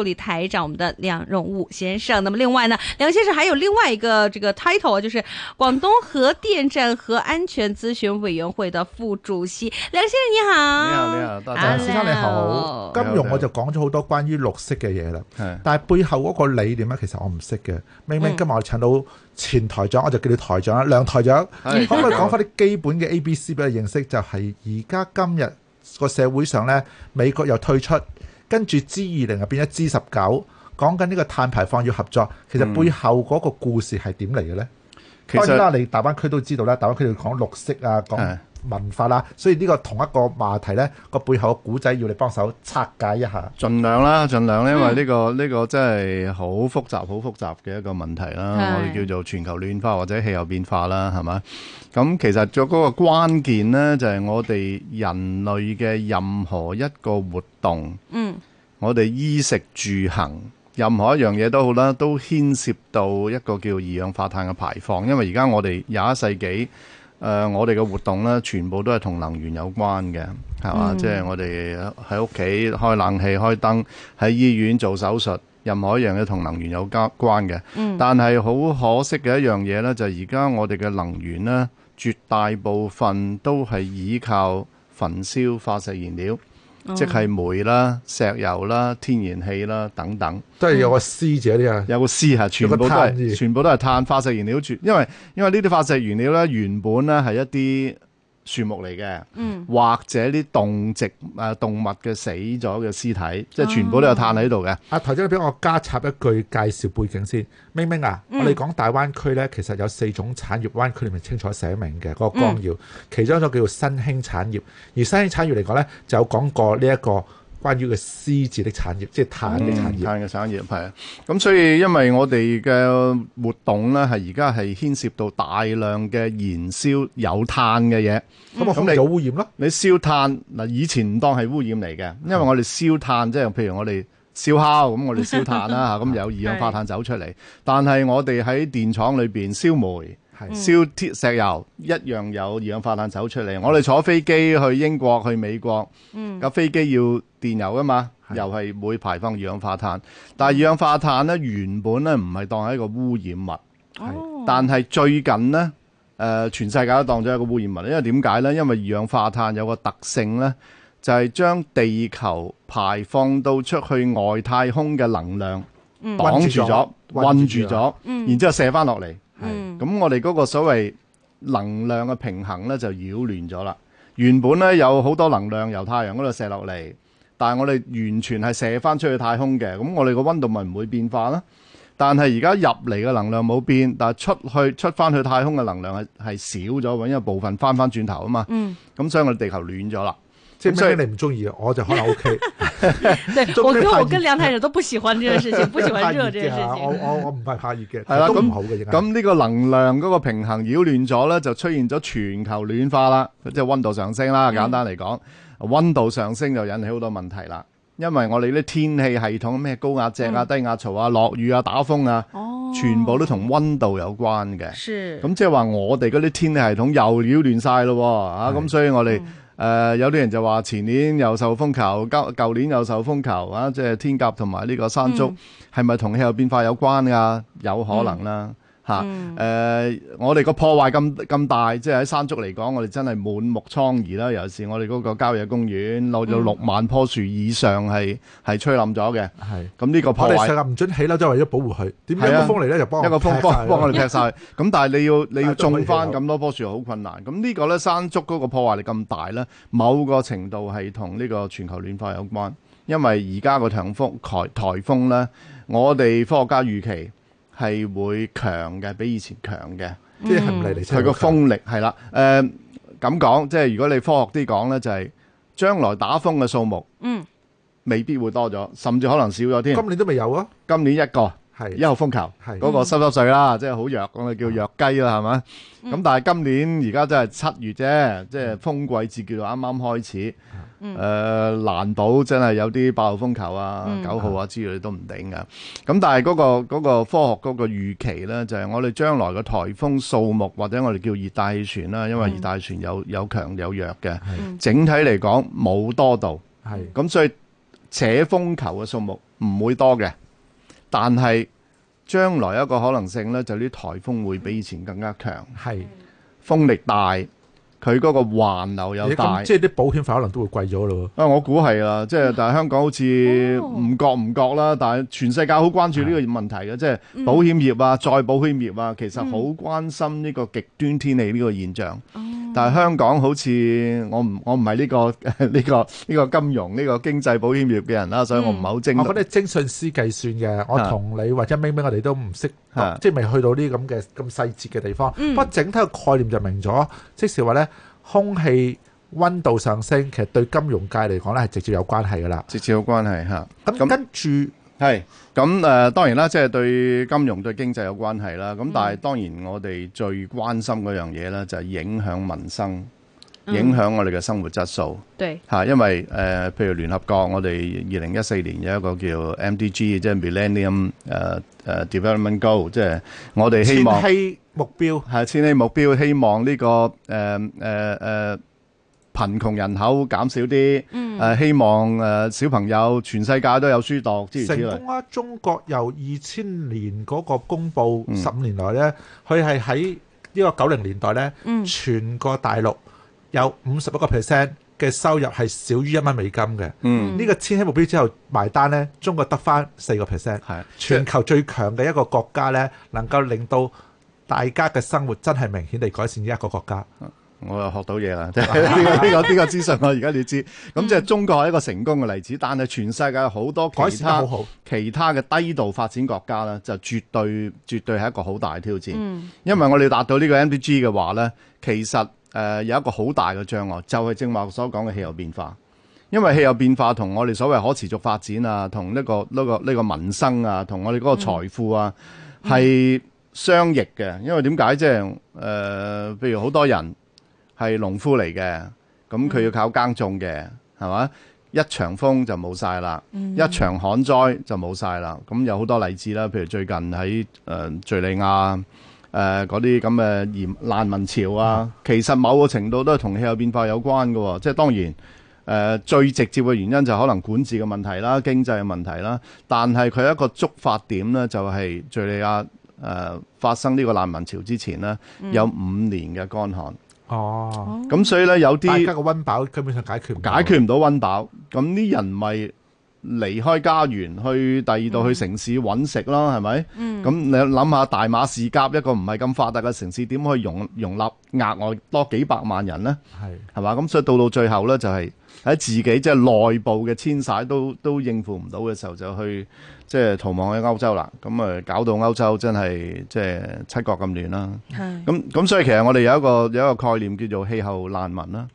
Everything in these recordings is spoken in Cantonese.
助理台長，我們的梁榮武先生。那麼另外呢，梁先生還有另外一個這個 title，就是廣東核電站核安全諮詢委員會的副主席。梁先生你好，你好你好，多謝，先生你好。金融我就講咗好多關於綠色嘅嘢啦，但係背後嗰個理念啊，其實我唔識嘅。明明今日我請到前台長，嗯、我就叫你台長啦。梁台長，嗯、可唔可以講翻啲基本嘅 A、B、C 俾我認識？就係而家今日個社會上咧，美國又退出。跟住 G 二零啊變咗 G 十九，講緊呢個碳排放要合作，其實背後嗰個故事係點嚟嘅咧？嗯、其實當然啦，你大灣區都知道啦，大灣區要講綠色啊，講。文化啦，所以呢個同一個話題呢，個背後嘅古仔要你幫手拆解一下。盡量啦，盡量呢，因為呢、呢個呢、呢個真係好複雜、好複雜嘅一個問題啦。嗯、我哋叫做全球暖化或者氣候變化啦，係咪？咁其實咗嗰個關鍵呢，就係、是、我哋人類嘅任何一個活動，嗯，我哋衣食住行任何一樣嘢都好啦，都牽涉到一個叫二氧化碳嘅排放。因為而家我哋廿一世紀。誒、呃，我哋嘅活動咧，全部都係同能源有關嘅，係嘛？Mm. 即係我哋喺屋企開冷氣、開燈，喺醫院做手術，任何一樣嘢同能源有交關嘅。嗯，mm. 但係好可惜嘅一樣嘢咧，就係而家我哋嘅能源咧，絕大部分都係依靠焚燒化石燃料。即係煤啦、石油啦、天然氣啦等等，都係、嗯、有個 C 者啲啊，有個 C 吓，全部都係，全部都係碳化石燃料住。住因為因為呢啲化石燃料咧，原本咧係一啲。樹木嚟嘅，嗯、或者啲動植啊動物嘅死咗嘅屍體，即、就、係、是、全部都有碳喺度嘅。啊頭先你俾我加插一句介紹背景先。明明啊，嗯、我哋講大灣區咧，其實有四種產業，灣區入面清楚寫明嘅嗰、那個綱要，嗯、其中一個叫做新興產業。而新興產業嚟講咧，就有講過呢、這、一個。關於個獅子的產業，即、就、係、是、碳的產業嘅、嗯、產業，係啊。咁所以因為我哋嘅活動咧，係而家係牽涉到大量嘅燃燒有碳嘅嘢，咁啊咁你有污染咯。你燒炭嗱，以前唔當係污染嚟嘅，因為我哋燒炭即係譬如我哋燒烤咁，我哋燒炭啦吓，咁、 啊、有二氧化碳走出嚟。的但係我哋喺電廠裏邊燒煤。燒鐵石油一樣有二氧化碳走出嚟。我哋坐飛機去英國、去美國，架飛機要電油㗎嘛，又係會排放二氧化碳。但係二氧化碳咧，原本咧唔係當係一個污染物，但係最近呢誒，全世界都當咗一個污染物。因為點解呢？因為二氧化碳有個特性呢就係將地球排放到出去外太空嘅能量擋住咗，困住咗，然之後射翻落嚟。係，咁、嗯、我哋嗰個所謂能量嘅平衡咧就擾亂咗啦。原本咧有好多能量由太陽嗰度射落嚟，但係我哋完全係射翻出去太空嘅，咁我哋個溫度咪唔會變化啦。但係而家入嚟嘅能量冇變，但係出去出翻去太空嘅能量係係少咗，因為部分翻翻轉頭啊嘛。嗯，咁所以我哋地球暖咗啦。即所以你唔中意，我就可能 OK。對，我跟我跟梁太人都不喜歡呢件事情，不喜歡熱呢件事情。我我我唔係怕熱嘅，都唔好嘅。咁呢個能量嗰個平衡擾亂咗咧，就出現咗全球暖化啦，即係温度上升啦。簡單嚟講，温度上升就引起好多問題啦。因為我哋啲天氣系統咩高壓脊啊、低壓槽啊、落雨啊、打風啊，全部都同温度有關嘅。咁即係話我哋嗰啲天氣系統又擾亂晒咯，嚇咁，所以我哋。誒、呃、有啲人就話前年又受風球，交舊年又受風球啊！即係天鴿同埋呢個山竹係咪同氣候變化有關㗎、啊？有可能啦。嗯。吓，誒、嗯呃，我哋個破壞咁咁大，即係喺山竹嚟講，我哋真係滿目瘡痍啦。尤其是我哋嗰個郊野公園，落咗六萬棵樹以上係係吹冧咗嘅。係，咁呢、嗯嗯、個破壞，我哋成日唔准起樓，即係為咗保護佢。點解個風嚟咧？又幫一個風幫幫我哋劈晒？咁 但係你要你要種翻咁多棵樹好困難。咁呢個咧山竹嗰個破壞力咁大咧，某個程度係同呢個全球暖化有關。因為而家個強風台颱風咧，我哋科學家預期。係會強嘅，比以前強嘅，即係唔嚟嚟去去。佢個風力係啦，誒咁講，即係如果你科學啲講呢，就係將來打風嘅數目，嗯，未必會多咗，甚至可能少咗啲。今年都未有啊，今年一個。一號風球，嗰、那個濕濕碎啦，即係好弱，我哋叫弱雞啦，係嘛？咁、嗯、但係今年而家真係七月啫，即係風季節叫做啱啱開始。誒、嗯呃，難保真係有啲八號風球啊、九號啊之類都唔定㗎。咁、嗯、但係、那、嗰個、那個科學嗰個預期咧，就係、是、我哋將來嘅台風數目或者我哋叫熱帶氣旋啦，因為熱帶氣旋有有強有弱嘅，嗯、的整體嚟講冇多度，係咁的所以扯風球嘅數目唔會多嘅。但係將來一個可能性咧，就啲台風會比以前更加強，係是風力大。佢嗰個環流又大，即係啲保險費可能都會貴咗咯。啊，我估係啦，即係但係香港好似唔覺唔覺啦，但係全世界好關注呢個問題嘅，即係保險業啊、再保險業啊，其實好關心呢個極端天氣呢個現象。但係香港好似我唔我唔係呢個呢個呢個金融呢個經濟保險業嘅人啦，所以我唔係好精。我覺得精算師計算嘅，我同你或者咩咩我哋都唔識，即係未去到呢咁嘅咁細節嘅地方。不過整體嘅概念就明咗，即係話咧。空氣溫度上升，其實對金融界嚟講咧係直接有關係㗎喇，直接有關係吓。咁跟住係，咁誒當然啦，即係對金融對經濟有關係啦。咁但係當然我哋最關心嗰樣嘢咧，就係影響民生。影響我哋嘅生活質素，吓，因為誒，譬如聯合國，我哋二零一四年有一個叫 MDG，即係 Millennium 誒誒 Development Goal，即係我哋希望。千禧目標係千禧目標，希望呢個誒誒誒貧窮人口減少啲，誒希望誒小朋友全世界都有書讀，諸如此類。成功啊！中國由二千年嗰個公布十五年來咧，佢係喺呢個九零年代咧，全個大陸。有五十一個 percent 嘅收入係少於一蚊美金嘅。嗯，呢個千禧目標之後埋單咧，中國得返四個 percent。係是全球最強嘅一個國家咧，能夠令到大家嘅生活真係明顯地改善呢一個國家。我又學到嘢啦，呢、 這個呢、這個呢、這個資訊我而家你知道。咁即係中國係一個成功嘅例子，但係全世界好多其他其他嘅低度發展國家咧，就絕對絕對係一個好大嘅挑戰。嗯、因為我哋達到呢個 MDG 嘅話咧，其實。誒、呃、有一個好大嘅障礙，就係正話所講嘅氣候變化，因為氣候變化同我哋所謂可持續發展啊，同呢個、呢個、呢個民生啊，同我哋嗰個財富啊，係、嗯、相逆嘅。因為點解即係誒？譬如好多人係農夫嚟嘅，咁佢要靠耕種嘅，係嘛？一場風就冇晒啦，嗯、一場旱災就冇晒啦。咁有好多例子啦，譬如最近喺誒敍利亞。誒嗰啲咁嘅嚴難民潮啊，其實某個程度都係同氣候變化有關嘅、哦，即係當然誒、呃、最直接嘅原因就係可能管治嘅問題啦、經濟嘅問題啦。但係佢一個觸發點咧，就係、係、敍利亞誒、呃、發生呢個難民潮之前咧，有五年嘅乾旱、嗯、哦。咁所以咧，有啲大家嘅溫飽基本上解決解決唔到溫飽，咁啲人咪、就係。離開家園去第二度去城市揾食啦，係咪？咁你諗下，大馬士革一個唔係咁發達嘅城市，點可以容容納額外多幾百萬人咧？係係嘛？咁所以到到最後咧，就係喺自己即係內部嘅遷徙都都應付唔到嘅時候，就去即係逃亡去歐洲啦。咁啊，搞到歐洲真係即係七國咁亂啦。咁咁，所以其實我哋有一個有一個概念叫做氣候難民啦。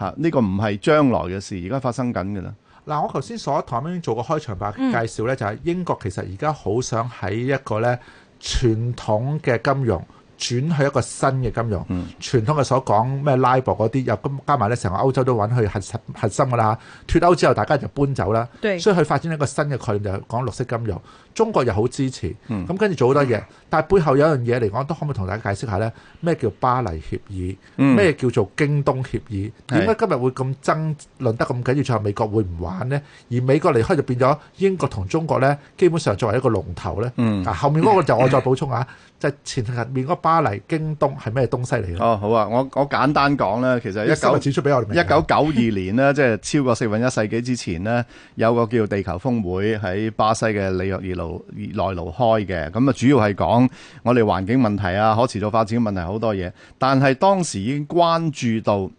吓，呢個唔係將來嘅事，而家發生緊嘅啦。嗱，我頭先所講，我已經做過開場白介紹咧，嗯、就係英國其實而家好想喺一個咧傳統嘅金融轉去一個新嘅金融。嗯、傳統嘅所講咩拉博嗰啲，又咁加埋咧成個歐洲都揾去核核核心噶啦。脱歐之後，大家就搬走啦。對所以佢發展一個新嘅概念就係講綠色金融。中國又好支持，咁跟住做好多嘢。但係背後有一樣嘢嚟講，都可唔可以同大家解釋下咧？咩叫巴黎協議？咩叫做京都協議？點解今日會咁爭論得咁緊要？最後美國會唔玩呢？而美國離開就變咗英國同中國咧，基本上作為一個龍頭咧。啊，後面嗰個就我再補充下，即係前面嗰個巴黎京都係咩東西嚟嘅？哦，好啊，我我簡單講啦，其實一九指出俾我哋，一九九二年呢，即係超過四分一世紀之前呢，有個叫地球峰會喺巴西嘅里約熱內勞開嘅，咁啊主要係講我哋環境問題啊，可持續發展嘅問題好多嘢，但係當時已經關注到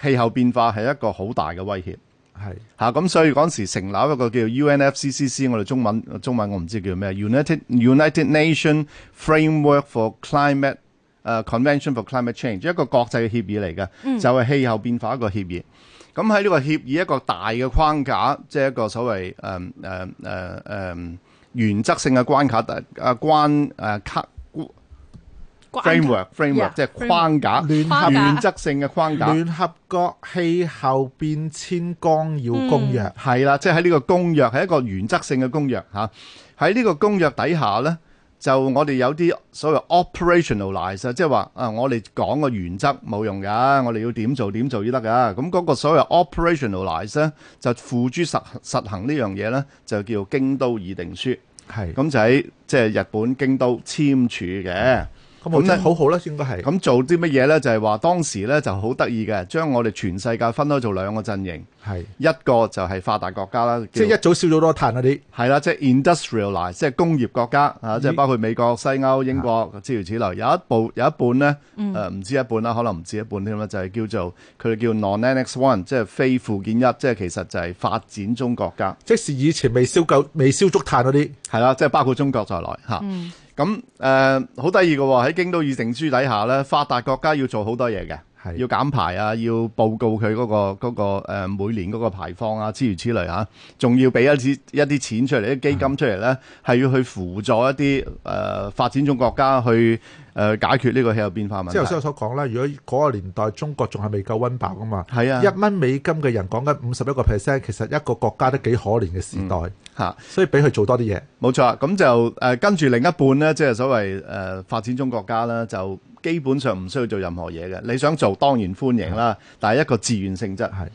氣候變化係一個好大嘅威脅，係吓咁，啊、所以嗰時成立一個叫 UNFCCC，我哋中文中文我唔知叫咩，United United Nation Framework for Climate 誒、uh, Convention for Climate Change 一個國際嘅協議嚟嘅。嗯、就係氣候變化一個協議，咁喺呢個協議一個大嘅框架，即、就、係、是、一個所謂誒誒誒誒。嗯嗯嗯原則性嘅關卡，關、啊、卡 framework framework 即係框架，frame, 原則性嘅框架。聯合國氣候變遷綱要公約係啦，即係喺呢個公約係一個原則性嘅公約嚇。喺呢個公約底下咧。就我哋有啲所謂 operationalize 即係話啊，我哋講個原則冇用㗎，我哋要點做點做都得㗎。咁、那、嗰個所謂 operationalize 咧，就付諸實，實行呢樣嘢咧，就叫京都議定書。係咁是就喺即係日本京都簽署嘅。咁真係好好啦，應該係咁做啲乜嘢咧？就係、是、話當時咧就好得意嘅，將我哋全世界分開做兩個陣營，係的一個就係發達國家啦，即係一早燒咗多碳嗰啲，係啦，即係 industrialize 即係工業國家即係咦包括美國、西歐、英國諸如此類。有一部有一半咧，唔、呃、止一半啦，可能唔止一半添啦，就係、是、叫做佢叫做 non Annex One，即係非附件一，即係其實就係發展中國家，即使以前未燒夠、未燒足碳嗰啲，係啦，即係包括中國在內、啊嗯咁誒好得意嘅喎，喺、呃哦、京都議定書底下咧，發達國家要做好多嘢嘅，是的 要減排啊，要報告佢嗰、那個嗰、那個呃、每年嗰個排放啊，諸如此類嚇、啊，仲要俾一啲一啲錢出嚟，啲基金出嚟咧，係是的 要去輔助一啲誒、呃、發展中國家去。誒、呃，解決呢個氣候變化問題。即係我所講啦，如果嗰個年代中國仲係未夠溫飽噶嘛？係啊，一蚊美金嘅人講緊五十一個 percent，其實一個國家都幾可憐嘅時代吓，嗯啊、所以俾佢做多啲嘢。冇錯，咁就誒跟住另一半咧，即係所謂誒、呃、發展中國家啦，就基本上唔需要做任何嘢嘅。你想做當然歡迎啦，是但係一個自願性質係。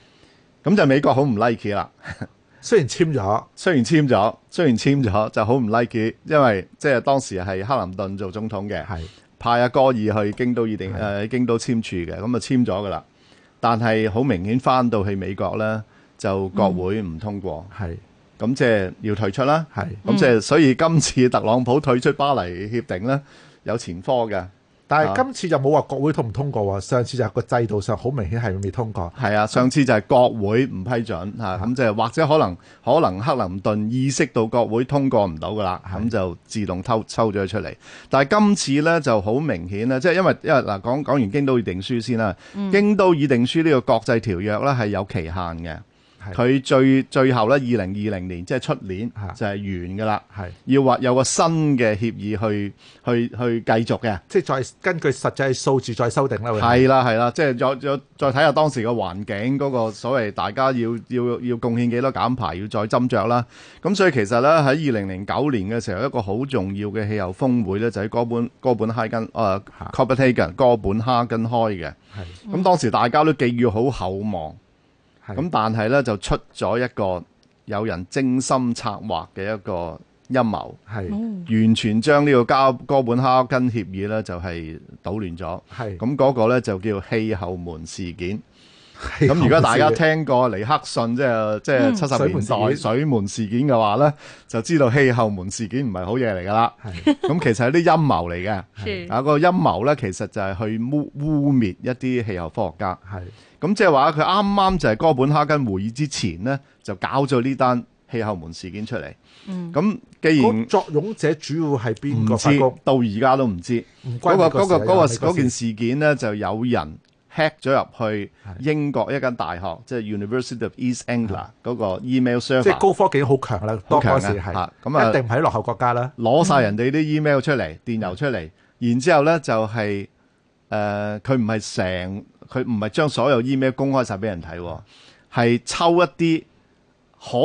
咁是就美國好唔 like 啦。雖然簽咗，雖然簽咗，雖然簽咗就好唔 like，因為即係當時係克林頓做總統嘅係。派阿哥爾去京都議定，誒喺京都簽署嘅，咁啊簽咗㗎啦。但係好明顯翻到去美國咧，就國會唔通過，咁即係要退出啦。咁即係所以今次特朗普退出巴黎協定咧，有前科嘅。但係今次就冇話國會通唔通過喎，上次就係個制度上好明顯係未通過。係啊，上次就係國會唔批准，吓，咁就或者可能可能克林頓意識到國會通過唔到噶啦，咁是的、啊、就自動偷抽咗出嚟。但係今次咧就好明顯啦，即係因為因為嗱，講講完京都議定書先啦，嗯、京都議定書呢個國際條約咧係有期限嘅。佢最最後咧，二零二零年即係出年就係完噶啦，要話有個新嘅協議去去去繼續嘅，即係再根據實際數字再修訂啦。係啦係啦，即係再再再睇下當時嘅環境嗰個所謂大家要要要貢獻幾多減排，要再斟酌啦。咁所以其實咧喺二零零九年嘅時候，一個好重要嘅氣候峰會咧，就喺哥本哥本哈根誒 Copenhagen 哥本哈根開嘅。係，咁當時大家都寄予好厚望。咁是但係咧就出咗一個有人精心策劃嘅一個陰謀，係是、嗯、完全將呢個《哥本哈根協議呢》咧就係、是、搗亂咗，係咁嗰個咧就叫氣候門事件。咁如果大家聽過尼克遜即係即係七十年代、嗯、水門事件嘅話咧，就知道氣候門事件唔係好嘢嚟噶啦。咁係其實係啲陰謀嚟嘅，有個陰謀咧，其實就係去污污蔑一啲氣候科學家。係咁即係話佢啱啱就係哥本哈根會議之前咧，就搞咗呢單氣候門事件出嚟。咁、嗯、既然作俑者主要係邊個？唔知到而家都唔知嗰個嗰、嗰個嗰件、嗰個、事件咧，就有人。hack 咗入去英國一間大學，是的即係 University of East Anglia 嗰個 email server 即係高科技好強啦，多時係，咁的啊一定唔係喺落後國家啦，攞晒、啊、人哋啲 email 出嚟，的電郵出嚟，然之後咧、嗯、就係誒佢唔係成佢唔係將所有 email 公開晒俾人睇，係抽一啲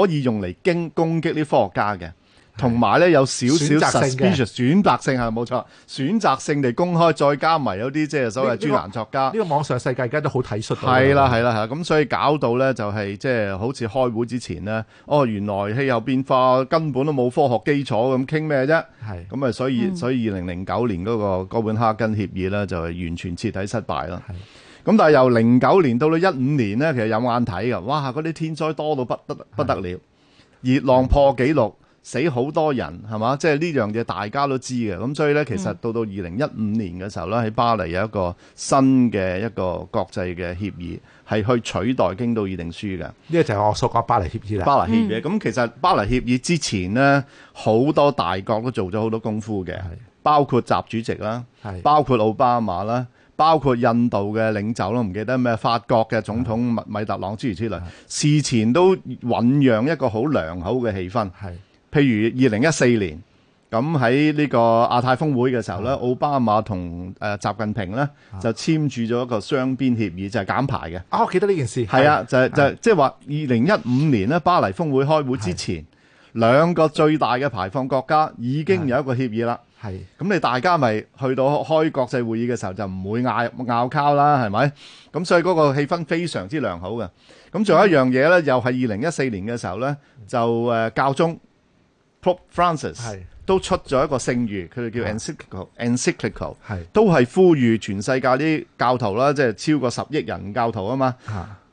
可以用嚟經攻擊啲科學家嘅。同埋咧有少少選擇性嘅選擇性係冇錯，選擇性嚟公開，再加埋有啲即係所謂專欄作家。呢個網上世界，而家都好體恤。係啦係啦係啦，咁所以搞到咧就係即係好似開會之前咧，哦原來氣候變化根本都冇科學基礎，咁傾咩啫？係咁啊，所以所以二零零九年嗰個哥本哈根協議咧就係完全徹底失敗啦。咁但係由零九年到咗一五年咧，其實有眼睇㗎，哇嗰啲天災多到不得不得了，熱浪破紀錄。死好多人係嘛？即係呢樣嘢大家都知嘅，咁所以咧，其實到到二零一五年嘅時候咧，喺、嗯、巴黎有一個新嘅一個國際嘅協議，係去取代京都議定書嘅。呢個就係我所講巴黎協議啦。巴黎協議咁，嗯、其實巴黎協議之前呢，好多大國都做咗好多功夫嘅，的包括習主席啦，的包括奧巴馬啦，包括印度嘅領袖啦，唔記得咩法國嘅總統米特朗，諸如之類，的事前都醖釀一個好良好嘅氣氛。譬如二零一四年咁喺呢個亞太峰會嘅時候咧，的奧巴馬同習近平咧就簽署咗一個雙邊協議，就係、是、減排嘅。啊、哦，我記得呢件事係啊的的，就係的就係即係話二零一五年咧，巴黎峰會開會之前，的兩個最大嘅排放國家已經有一個協議啦。係咁，你大家咪去到開國際會議嘅時候就唔會嗌拗交啦，係咪？咁所以嗰個氣氛非常之良好嘅。咁仲有一樣嘢咧，又係二零一四年嘅時候咧，就誒教宗。Pope Francis 都出咗一個聖諭，佢哋叫 Encyclical，都係呼籲全世界啲教徒啦，即係超過十億人教徒啊嘛。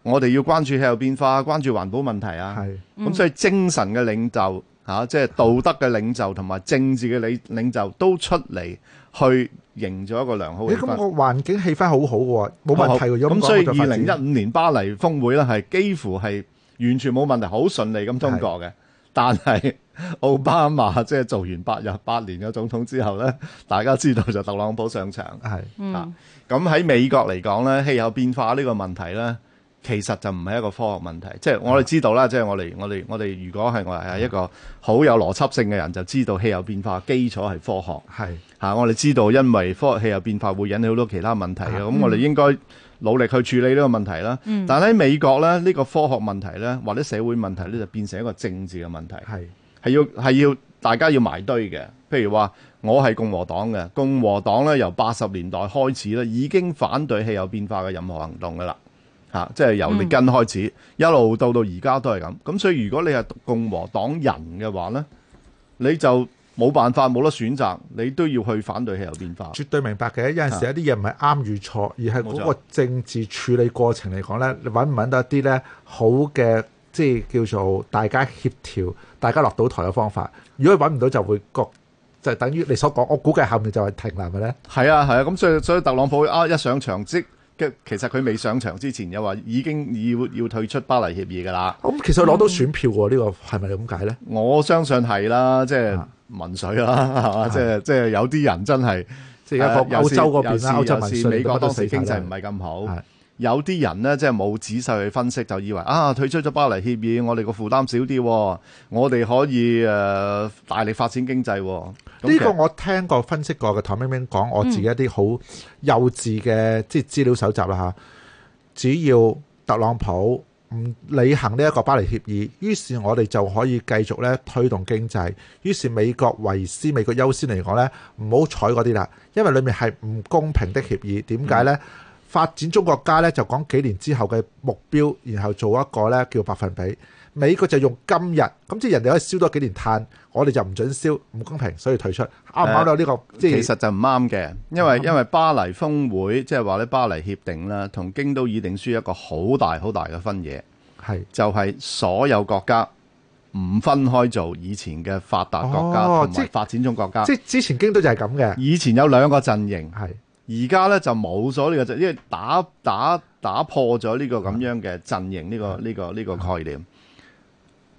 我哋要關注氣候變化，關注環保問題啊。咁所以精神嘅領袖嚇，即係道德嘅領袖同埋政治嘅領領袖都出嚟去營造一個良好。咦？咁個環境氣氛好好嘅喎，冇問題喎。咁所以二零一五年巴黎峯會咧，係幾乎係完全冇問題，好順利咁通過嘅，但係。奧巴馬即係、就是、做完八日八年嘅總統之後呢，大家知道就特朗普上場係咁，喺美國嚟講呢，氣候變化呢個問題呢，其實就唔係一個科學問題。即係我哋知道啦，即係、嗯、我哋我哋我哋如果係我係一個好有邏輯性嘅人，就知道氣候變化基礎係科學係吓是。我哋知道因為科學氣候變化會引起好多其他問題咁、啊、我哋應該努力去處理呢個問題啦。嗯、但喺美國呢，呢、這個科學問題呢，或者社會問題呢，就變成一個政治嘅問題係。係要係要大家要埋堆嘅，譬如話我係共和黨嘅，共和黨呢由八十年代開始呢已經反對氣候變化嘅任何行動噶啦，吓、啊、即係由列根開始、嗯、一路到到而家都係咁，咁所以如果你係共和黨人嘅話呢，你就冇辦法冇得選擇，你都要去反對氣候變化。絕對明白嘅，有陣時有啲嘢唔係啱與錯，的而係嗰個政治處理過程嚟講呢，你揾唔揾到一啲呢好嘅。即係叫做大家協調，大家落到台嘅方法。如果揾唔到，就會覺就等於你所講。我估計後面就係停喇嘅咧。係啊，係啊。咁所以所以，所以特朗普啊一上場即嘅，其實佢未上場之前又話已經要要退出巴黎協議嘅啦。咁、嗯、其實攞到選票喎，呢個係咪咁解咧？我相信係啦，即係民粹啦，即係即有啲人真係即係。啊啊、歐洲嗰邊又係美國當時經濟唔係咁好。有啲人呢，即係冇仔細去分析，就以為啊，退出咗巴黎協議，我哋個負擔少啲，我哋可以、呃、大力發展經濟。呢個我聽過分析過嘅，唐冰冰講我自己一啲好幼稚嘅即係資料搜集啦吓，嗯、只要特朗普唔履行呢一個巴黎協議，於是我哋就可以繼續咧推動經濟。於是美國維斯美國優先嚟講呢，唔好睬嗰啲啦，因為裏面係唔公平的協議。點解呢？嗯發展中國家咧就講幾年之後嘅目標，然後做一個咧叫百分比。美國就用今日，咁即係人哋可以燒多幾年碳，我哋就唔准燒，唔公平，所以退出。啱唔啱到呢個？即、啊、其實就唔啱嘅，因為、嗯、因為巴黎峰會即係話咧巴黎協定啦，同京都議定書一個好大好大嘅分野，是就係所有國家唔分開做，以前嘅發達國家同埋、哦、發展中國家，即係之前京都就係咁嘅，以前有兩個陣營，係。而家咧就冇咗呢個，即係因為打打打破咗呢個咁樣嘅陣營呢個呢個呢個概念。嗯、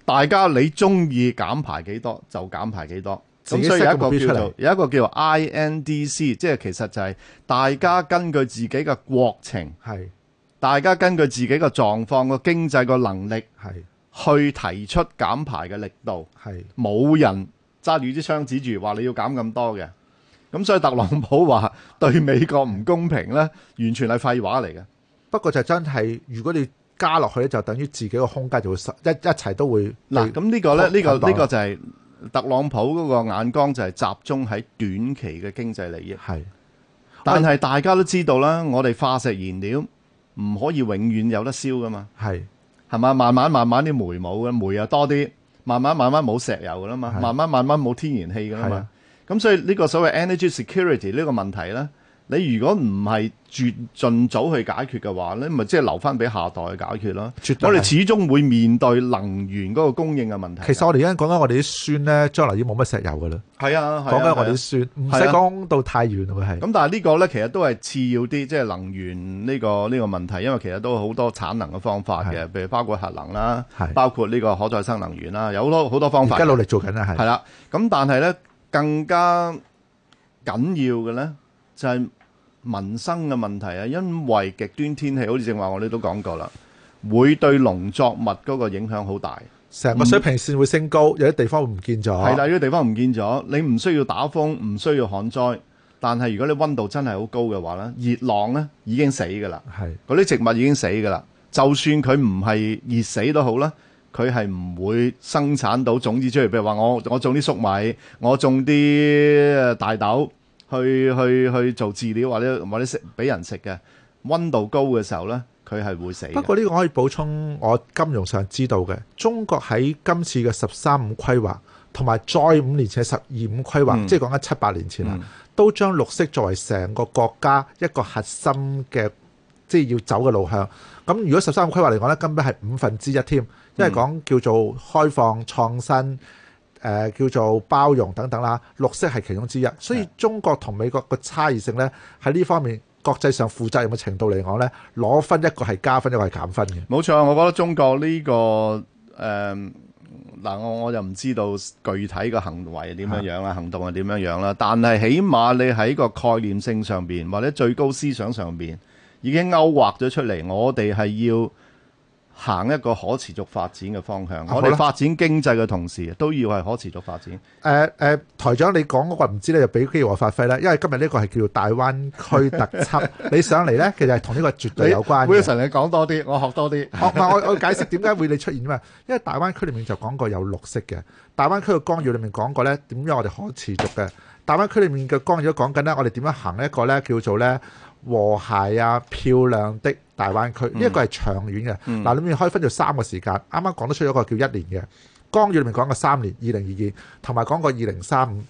大家你中意減排幾多就減排幾多。咁所以有一個叫做有一個叫做 INDC，即係其實就係大家根據自己嘅國情，係是大家根據自己嘅狀況個經濟個能力，係是去提出減排嘅力度，係冇是人揸住支槍指住話你要減咁多嘅。咁所以特朗普話對美國唔公平咧，完全係廢話嚟嘅。不過就真係，如果你加落去咧，就等於自己個空間就會一一齊都會嗱。咁呢個咧，呢個呢個就係特朗普嗰個眼光就係集中喺短期嘅經濟利益。係是，但係大家都知道啦，我哋化石燃料唔可以永遠有得燒噶嘛係是，係嘛，慢慢慢慢啲煤冇㗎，煤又多啲，慢慢慢慢冇石油噶啦嘛，是慢慢慢慢冇天然氣噶啦嘛咁所以呢個所謂 energy security 呢個問題咧，你如果唔係絕盡早去解決嘅話咧，咪即係留翻俾下代去解決咯。我哋始終會面對能源嗰個供應嘅問題。其實我哋而家講緊我哋啲孫咧，將來已經冇乜石油㗎啦。係啊，講緊我哋啲孫，唔使講到太遠，喎係。咁但係呢個咧其實都係次要啲，即係能源呢個呢個問題，因為其實都好多產能嘅方法嘅，譬如包括核能啦，包括呢個可再生能源啦，有好多好多方法。而家努力做緊啦係。係啦，咁但係咧。更加緊要嘅咧，就係民生嘅問題啊！因為極端天氣，好似正話我哋都講過啦，會對農作物嗰個影響好大。成個水平線會升高，有啲地方會唔見咗。係啦，有啲地方唔見咗。你唔需要打風，唔需要旱災，但係如果你温度真係好高嘅話咧，熱浪咧已經死㗎啦。係，嗰啲植物已經死㗎啦。就算佢唔係熱死都好啦。佢係唔會生產到種子出嚟，譬如話我我種啲粟米，我種啲大豆去去去做飼料，或者或者食俾人食嘅。温度高嘅時候呢，佢係會死。不過呢個可以補充，我金融上知道嘅中國喺今次嘅十三五規劃，同埋再五年前嘅十二五規劃，嗯、即係講緊七八年前啦，嗯、都將綠色作為成個國家一個核心嘅，即係要走嘅路向。咁如果十三五規劃嚟講呢，根本係五分之一添。即係講叫做開放創新，誒、呃、叫做包容等等啦，綠色係其中之一。所以中國同美國個差異性咧，喺呢方面國際上負責任嘅程度嚟講咧，攞分一個係加分，一個係減分嘅。冇錯，我覺得中國呢、這個誒嗱、呃，我我就唔知道具體嘅行為係點樣樣啦，行動係點樣樣啦。但係起碼你喺個概念性上邊或者最高思想上邊已經勾畫咗出嚟，我哋係要行一個可持續發展嘅方向，啊、我哋發展經濟嘅同時都要係可持續發展。誒、呃呃、台長你講嗰個唔知咧，就俾機會我發揮啦。因為今日呢個係叫做大灣區特輯， 你上嚟咧其實係同呢個絕對有關。William，你講多啲，我學多啲、 啊。我我解釋點解會你出現啊？因為大灣區裏面就講過有綠色嘅大灣區嘅綱要裏面講過咧，點樣我哋可持續嘅大灣區裏面嘅綱要都講緊咧，我哋點樣行一個咧叫做咧。和諧啊，漂亮的大灣區，呢、這、一個係長遠嘅。嗱、嗯，裏、嗯、面可以分咗三個時間。啱啱講得出咗一個叫一年嘅，綱要裏面講過三年，二零二二同埋講過二零三五。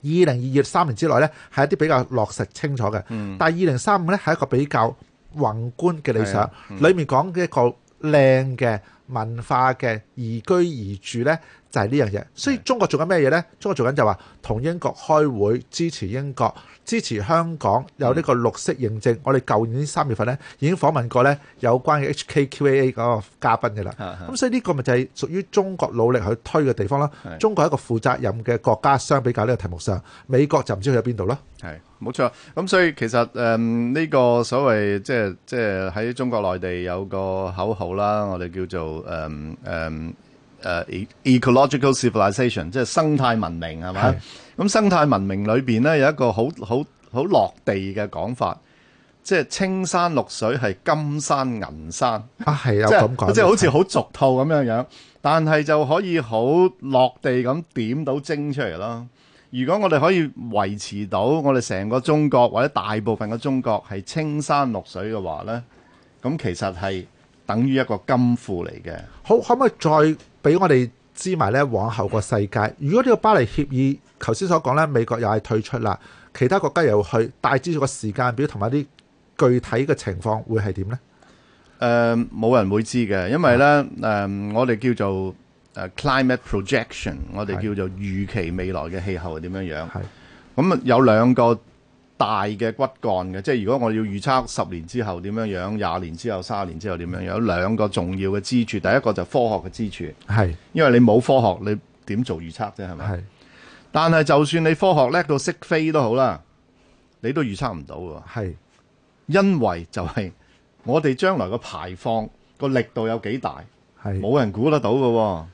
二零二二三年之內呢，係一啲比較落實清楚嘅。嗯、但係二零三五呢，係一個比較宏觀嘅理想。裏、啊嗯、面講嘅一個靚嘅。文化嘅宜居宜住呢，就係呢樣嘢。所以中國做緊咩嘢呢？中國做緊就話同英國開會，支持英國，支持香港有呢個綠色認證，嗯、我哋舊年三月份呢已經訪問過呢有關嘅 H.K.Q.A.A 嗰個嘉賓嘅啦。咁、嗯、所以呢個咪就係屬於中國努力去推嘅地方啦。中國是一個負責任嘅國家，相比較呢個題目上，美國就唔知去邊度啦。係冇錯，咁所以其實誒呢、嗯呢個所謂即係即係喺中國內地有個口號啦，我哋叫做。誒誒誒，ecological civilization 即係生態文明係咪？咁是的 生態文明裏邊咧有一個好好好落地嘅講法，即係青山綠水係金山銀山啊！係啊，即係是即係好似好俗套咁樣樣，是的 但係就可以好落地咁點到精出嚟咯。如果我哋可以維持到我哋成個中國或者大部分嘅中國係青山綠水嘅話咧，咁其實係。等於一個金庫嚟嘅。好，可唔可以再俾我哋知埋呢？往後個世界，如果呢個巴黎協議，頭先所講呢，美國又係退出啦，其他國家又去，大致上個時間表同埋啲具體嘅情況會係點呢？誒、呃，冇人會知嘅，因為呢，是呃、我哋叫做 climate projection，我哋叫做預期未來嘅氣候係點樣樣。咁是、嗯、有兩個。大嘅骨幹嘅，即係如果我要預測十年之後點樣樣，廿年之後、三十年之後點樣樣，有兩個重要嘅支柱。第一個就科學嘅支柱，係是，因為你冇科學，你點做預測啫？係咪？係是。但係就算你科學叻到識飛都好啦，你都預測唔到嘅。係是，因為就係我哋將來個排放個力度有幾大，係冇是人估得到嘅。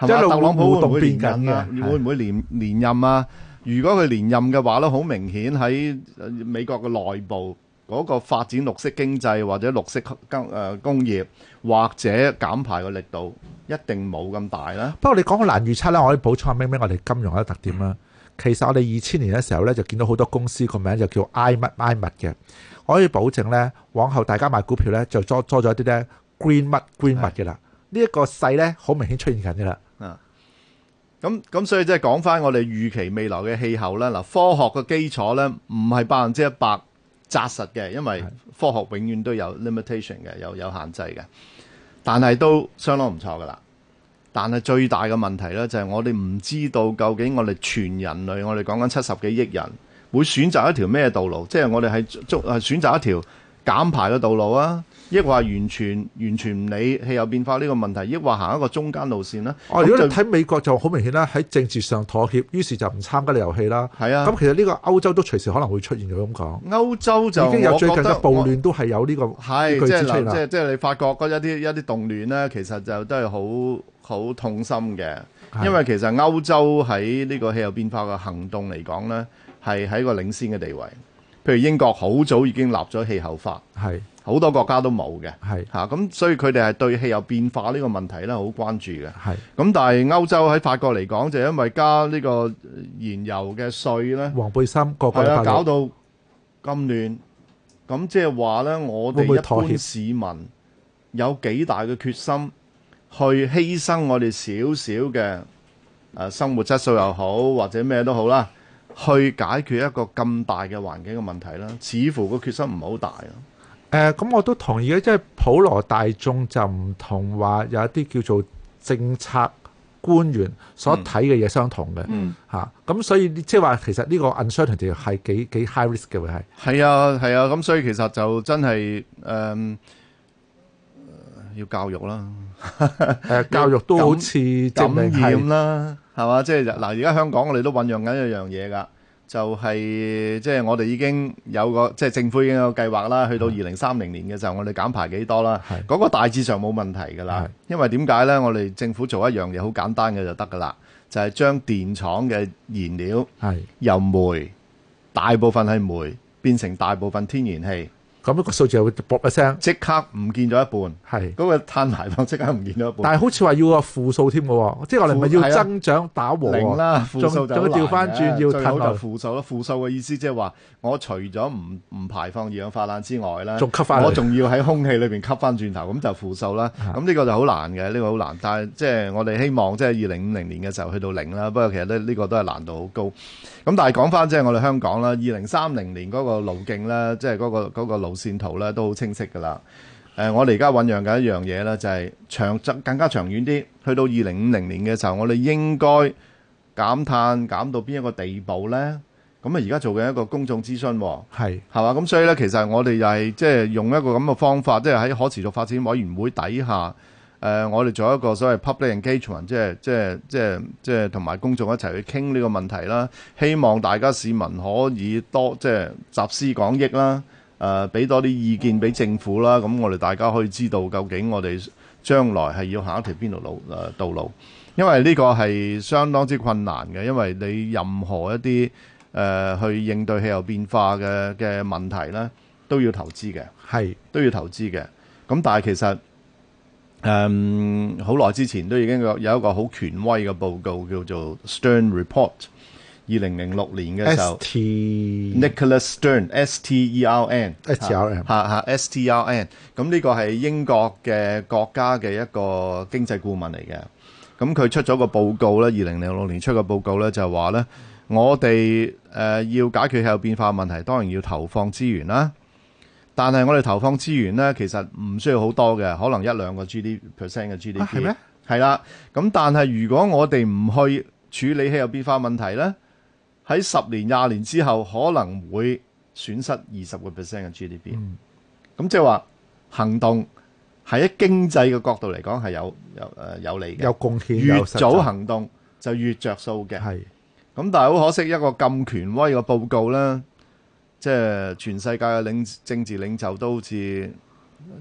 即特朗普會變緊嘅，會唔會連連任啊？如果佢連任嘅話咧，好明顯喺美國嘅內部嗰個發展綠色經濟或者綠色工誒工業或者減排嘅力度一定冇咁大啦。不過你講好難預測咧，我可以補充下咩咩？明明我哋金融嘅特點啦。其實我哋二千年嘅時候咧，就見到好多公司個名就叫 i 乜 i 物嘅。我可以保證咧，往後大家買股票咧，就多多咗一啲咧 green 乜 green 物嘅啦。呢一是的 個勢咧，好明顯出現緊嘅啦。咁咁所以即係講翻我哋預期未來嘅氣候咧，嗱科學嘅基礎咧，唔係百分之一百紮實嘅，因為科學永遠都有 limitation 嘅，有有限制嘅。但係都相當唔錯噶啦。但係最大嘅問題咧就係我哋唔知道究竟我哋全人類，我哋講緊七十幾億人會選擇一條咩道路？即係我哋係做係選擇一條減排嘅道路啊！亦話完全完全唔理氣候變化呢個問題，亦話行一個中間路線啦。哦，如果你睇美國就好明顯啦，喺政治上妥協，於是就唔參加遊戲啦。係啊，咁其實呢個歐洲都隨時可能會出現咁講。歐洲就已經有最近嘅暴亂都係有、這個，都係有呢個依即係即係即係你發覺嗰一啲一啲動亂咧，其實就都係好好痛心嘅，是因為其實歐洲喺呢個氣候變化嘅行動嚟講咧，係喺一個領先嘅地位。譬如英國好早已經立咗氣候法，係。好多國家都冇嘅，咁是、啊，所以佢哋係對氣候變化呢個問題咧好關注嘅。咁是，但係歐洲喺法國嚟講，就因為加呢個燃油嘅稅咧，黃背心個、啊、搞到咁亂。咁即係話咧，我哋一般市民有幾大嘅決心去犧牲我哋少少嘅誒生活質素又好，或者咩都好啦，去解決一個咁大嘅環境嘅問題啦，似乎個決心唔係好大咯。誒咁、呃、我都同意嘅，即係普羅大眾就唔同話有一啲叫做政策官員所睇嘅嘢相同嘅嚇，咁、嗯嗯啊、所以即係話其實呢個 uncertainty 係幾幾 high risk 嘅會係。係啊係啊，咁、啊、所以其實就真係誒、呃、要教育啦 、呃，教育都好似感，是感染啦、啊，係嘛？即係嗱，而家香港我哋都醞釀緊一樣嘢㗎。就係即係我哋已經有個即係政府已經有計劃啦，去到二零三零年嘅時候，我哋減排幾多啦？嗰個大致上冇問題㗎啦，因為點解呢？我哋政府做一樣嘢好簡單嘅就得㗎啦，就係將電廠嘅燃料由煤大部分係煤變成大部分天然氣。咁一個數字又會噥一聲，即刻唔見咗一半，係嗰是個碳排放即刻唔見咗一半。但係好似話要個負數添喎，負即係我哋咪要增長打和、啊、零啦，負數還就難。掉翻轉要最好就負數啦。負數嘅意思即係話，我除咗唔唔排放二氧化碳之外咧，吸我仲要喺空氣裏面吸翻轉頭，咁就負數啦。咁呢、啊、個就好難嘅，呢、這個好難。但係即係我哋希望，即係二零五零年嘅時候去到零啦。不過其實咧，呢個都係難度好高。咁但係講翻即係我哋香港啦，二零三零年嗰個路徑咧，即係嗰個嗰個路線圖咧，都好清晰㗎啦。誒，我哋而家醞釀緊一樣嘢啦，就係、是、長更更加長遠啲，去到二零五零年嘅時候，我哋應該減碳減到邊一個地步咧？咁啊，而家做緊一個公眾諮詢，係係嘛？咁所以咧，其實我哋又係即係用一個咁嘅方法，即係喺可持續發展委員會底下。呃、我哋做一個所謂 public engagement，即係即係即係即係同埋公眾一齊去傾呢個問題啦。希望大家市民可以多即係集思廣益啦，誒、呃，俾多啲意見俾政府啦。咁我哋大家可以知道究竟我哋將來係要行一條邊度路、呃、道路，因為呢個係相當之困難嘅，因為你任何一啲誒、呃、去應對氣候變化嘅嘅問題咧，都要投資嘅，係是的 都要投資嘅。咁但係其實誒，好耐之前都已經有一個好權威嘅報告，叫做 Stern Report，二零零六年嘅時候。S T St Nicholas Stern S T E R N S R, S uh, uh, s、t、r N，吓吓 S T R N。咁呢個係英國嘅國家嘅一個經濟顧問嚟嘅，咁佢出咗個報告咧，二零零六年出個報告咧就係話咧，我哋誒、uh, 要解決氣候變化問題，當然要投放資源啦。但係我哋投放資源咧，其實唔需要好多嘅，可能一兩個 G D percent 嘅 G D P、啊，係咩？係啦，咁但係如果我哋唔去處理氣候變化問題咧，喺十年廿年之後可能會損失二十個 percent 嘅 G D P、嗯。咁即係話行動係喺經濟嘅角度嚟講係有有誒有利嘅，有貢獻。越早行動就越着數嘅。係是，咁但係好可惜，一個咁權威嘅報告咧。即係全世界嘅領政治領袖都好似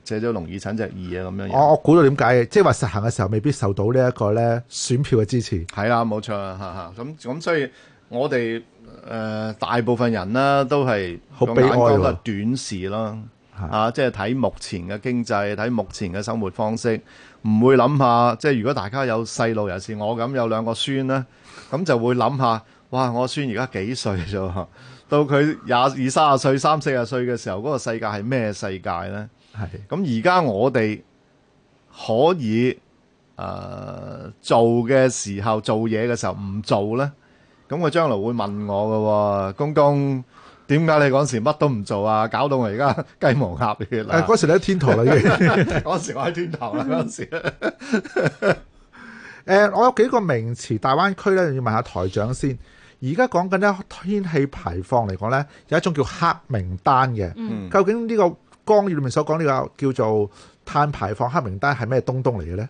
借咗聾耳陳隻耳啊，咁樣我。我我估到點解，即係話實行嘅時候未必受到呢一個咧選票嘅支持是，啊。係啦，冇錯，啊，吓吓咁咁，所以我哋誒、呃、大部分人啦都係好悲哀咯，短視咯，吓、啊、即係睇目前嘅經濟，睇目前嘅生活方式，唔會諗下，即係如果大家有細路，尤其是我咁有兩個孫啦，咁就會諗下，哇，我孫而家幾歲咗？到佢廿二、三十歲、三四、十歲嘅時候，嗰、那個世界係咩世界咧？咁而家我哋可以誒、呃、做嘅時候做嘢嘅時候唔做咧？咁佢將來會問我嘅公公點解你嗰時乜都唔做啊？搞到我而家雞毛鴨血。誒嗰、啊、時你喺天堂啦，嗰 時我喺天堂啦，嗰時。誒、 啊，我有幾個名詞，大灣區咧，要問，問下台長先。而家講緊咧天氣排放嚟講呢，有一種叫黑名單嘅。嗯、究竟呢個工業裡面所講呢個叫做碳排放黑名單係咩東東嚟嘅呢？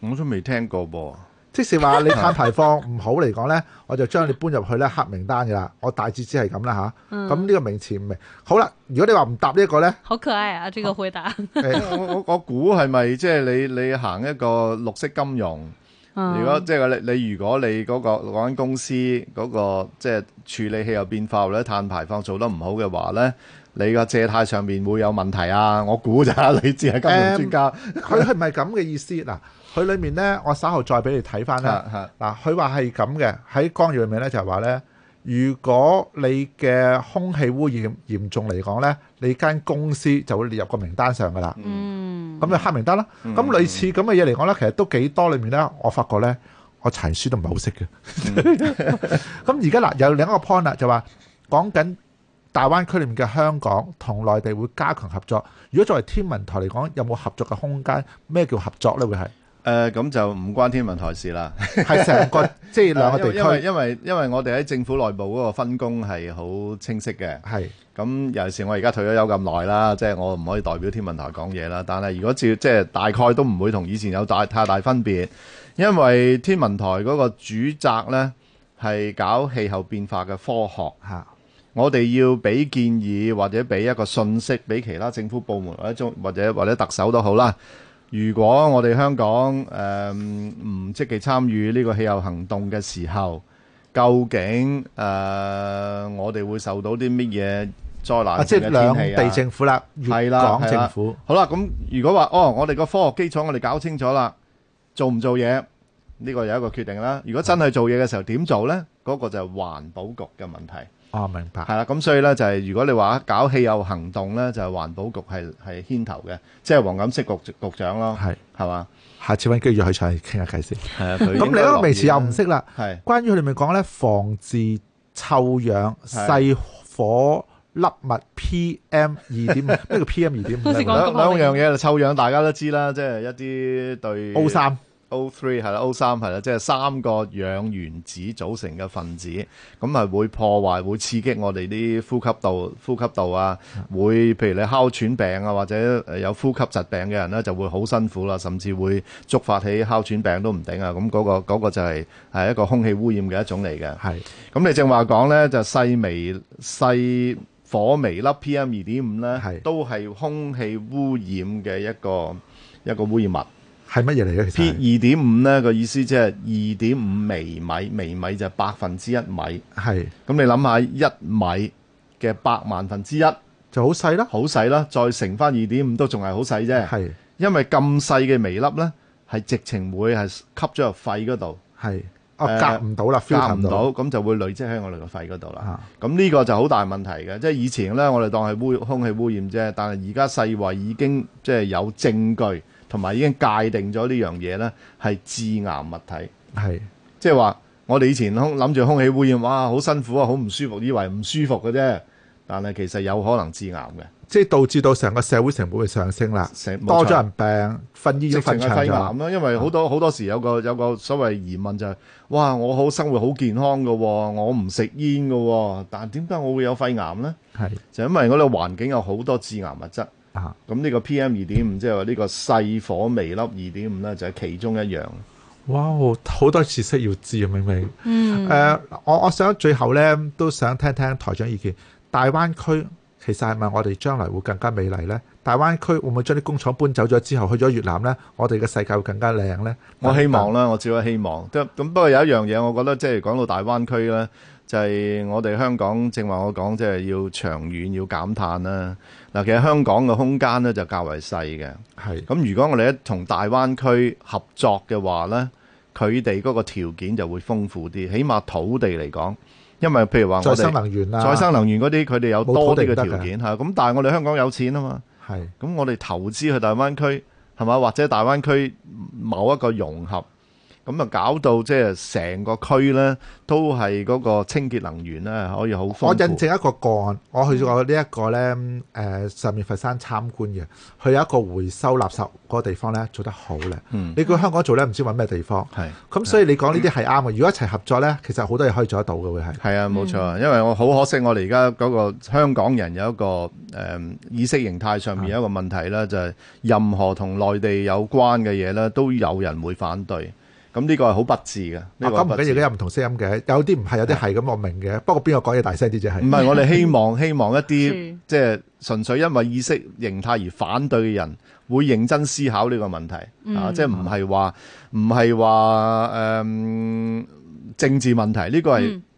我都未聽過噃。即係話你碳排放唔好嚟講呢， 我就將你搬入去咧黑名單嘅啦。我大致知係咁啦嚇。啊、嗯。咁呢個名詞唔明。好啦，如果你話唔答呢個呢一個咧，好可愛啊！這個回答。我我估係咪即係你你行一個綠色金融？嗯、如果即係你你如果你嗰、那個嗰間、那個、公司嗰、那個即係處理器有變化或者碳排放做得唔好嘅話咧，你個借貸上面會有問題啊！我估咋，你只係金融專家。佢係唔係咁嘅意思嗱？佢裏 面咧，我稍後再俾你睇翻啦。嗱，佢話係咁嘅，喺光譜入面咧就係話咧。如果你嘅空氣污染嚴重嚟講呢，你間公司就會列入個名單上噶啦。嗯，咁就黑名單啦。咁、嗯、類似咁嘅嘢嚟講呢，其實都幾多裏面呢，我發覺呢，我陳書都唔係好識嘅。咁而家嗱，有另一個 point 啦，就話講緊大灣區裏面嘅香港同內地會加強合作。如果作為天文台嚟講，有冇合作嘅空間？咩叫合作呢？會係？誒，咁就唔關天文台事啦，係成個即係兩個地區。因為因為因為我哋喺政府內部嗰個分工係好清晰嘅。係咁，尤其是我而家退咗休咁耐啦，即係我唔可以代表天文台講嘢啦。但係如果照即係大概都唔會同以前有大太大分別，因為天文台嗰個主責呢係搞氣候變化嘅科學。吓，我哋要俾建議或者俾一個信息俾其他政府部門或者中或者或者特首都好啦。如果我哋香港誒唔積極參與呢個氣候行動嘅時候，究竟誒我哋會受到啲乜嘢災難性嘅天氣啊？即係兩地政府啦，粵港政府。好啦，咁如果話哦，我哋個科學基礎我哋搞清楚啦，做唔做嘢呢個有一個決定啦。如果真係做嘢嘅時候，點做咧？嗰個就係環保局嘅問題。哦，明白，係啦，咁所以咧就係如果你話搞氣候行動咧，就環保局係係牽頭嘅，即係黃錦星局局長咯，係係嘛，下次搵機會可以再傾下偈先。係啊，咁你嗰個名詞又唔識啦，係關於佢裏面講咧，防治臭氧細顆粒物 PM 二點五，呢個 PM 二點五兩兩樣嘢，臭氧大家都知啦，即係一啲對 O 三。O three 係啦，O 三係啦，即係三個氧原子組成嘅分子，咁係會破壞、會刺激我哋啲呼吸道、呼吸道啊，會譬如你哮喘病啊，或者有呼吸疾病嘅人咧，就會好辛苦啦、啊，甚至會觸發起哮喘病都唔定啊！咁、嗰、嗰個嗰、嗰個就係係一個空氣污染嘅一種嚟嘅。係是，咁你正話講咧，就細微細火微粒 PM 二點五咧，是都係空氣污染嘅一個一個污染物。係乜嘢嚟嘅？P 二點五咧個意思即係二點五微米，微米就係百分之一米。係咁是，你諗下一米嘅百萬分之一，就好細啦。好細啦，再乘翻二點五都仲係好細啫。係是因為咁細嘅微粒咧，係直情會係吸咗入肺嗰度。係哦，隔唔到啦，隔唔、呃、隔唔到，咁就會累積喺我哋個肺嗰度啦。咁呢、啊、個就好大問題嘅。即係以前咧，我哋當係污染空氣污染啫。但係而家世衛已經即係有證據。同埋已經界定咗呢樣嘢咧，係致癌物體。即係話，我哋以前諗住空氣污染，哇，好辛苦啊，好唔舒服，以為唔舒服嘅啫。但係其實有可能致癌嘅，即係導致到成個社會成本會上升啦，錯多咗人病，瞓醫咗肺癌啦。因為好多好多時有個有個所謂疑問就係、是：哇，我好生活好健康喎，我唔食煙喎。」但係點解我會有肺癌咧？係是的 就因為我哋環境有好多致癌物質。啊！咁呢個 PM 二點五，即係話呢個細火微粒二點五咧，就係其中一樣。哇！好多知識要知啊，明唔明？嗯。誒、呃，我我想最後咧，都想聽聽台長意見。大灣區其實係咪我哋將來會更加美麗咧？大灣區會唔會將啲工廠搬走咗之後去咗越南咧？我哋嘅世界會更加靚咧？我希望啦，我只係希望。咁不過有一樣嘢，我覺得即係講到大灣區呢，就係、是、我哋香港正話我講，即係要長遠要減碳啦。嗱，其實香港嘅空間咧就較為細嘅，咁是如果我哋一同大灣區合作嘅話咧，佢哋嗰個條件就會豐富啲，起碼土地嚟講，因為譬如話我哋再生能源啦，再生能源嗰啲佢哋有多啲嘅條件嚇，咁但係我哋香港有錢啊嘛，咁是我哋投資去大灣區係嘛，或者大灣區某一個融合。咁啊，搞到即係成個區咧，都係嗰個清潔能源咧，可以好方便。我印證一個個案，我去過呢一個咧，誒，上面佛山參觀嘅，去有一個回收垃圾嗰個地方咧，做得好咧。嗯。你叫香港做咧，唔知搵咩地方。係。咁所以你講呢啲係啱嘅。如果一齊合作咧，其實好多嘢可以做得到嘅會係。係啊，冇錯。因為我好可惜，我哋而家嗰個香港人有一個誒意識形態上面有一個問題咧，就係任何同內地有關嘅嘢咧，都有人會反對。咁呢個係好不智嘅。啊，咁唔緊要，而家、啊、有唔同聲音嘅，有啲唔係，有啲係咁。係，我明嘅。不過邊個講嘢大聲啲啫？係。唔係，我哋希望希望一啲即係純粹因為意識形態而反對嘅人會認真思考呢個問題，嗯、啊，即係唔係話唔係話誒政治問題呢個係。嗯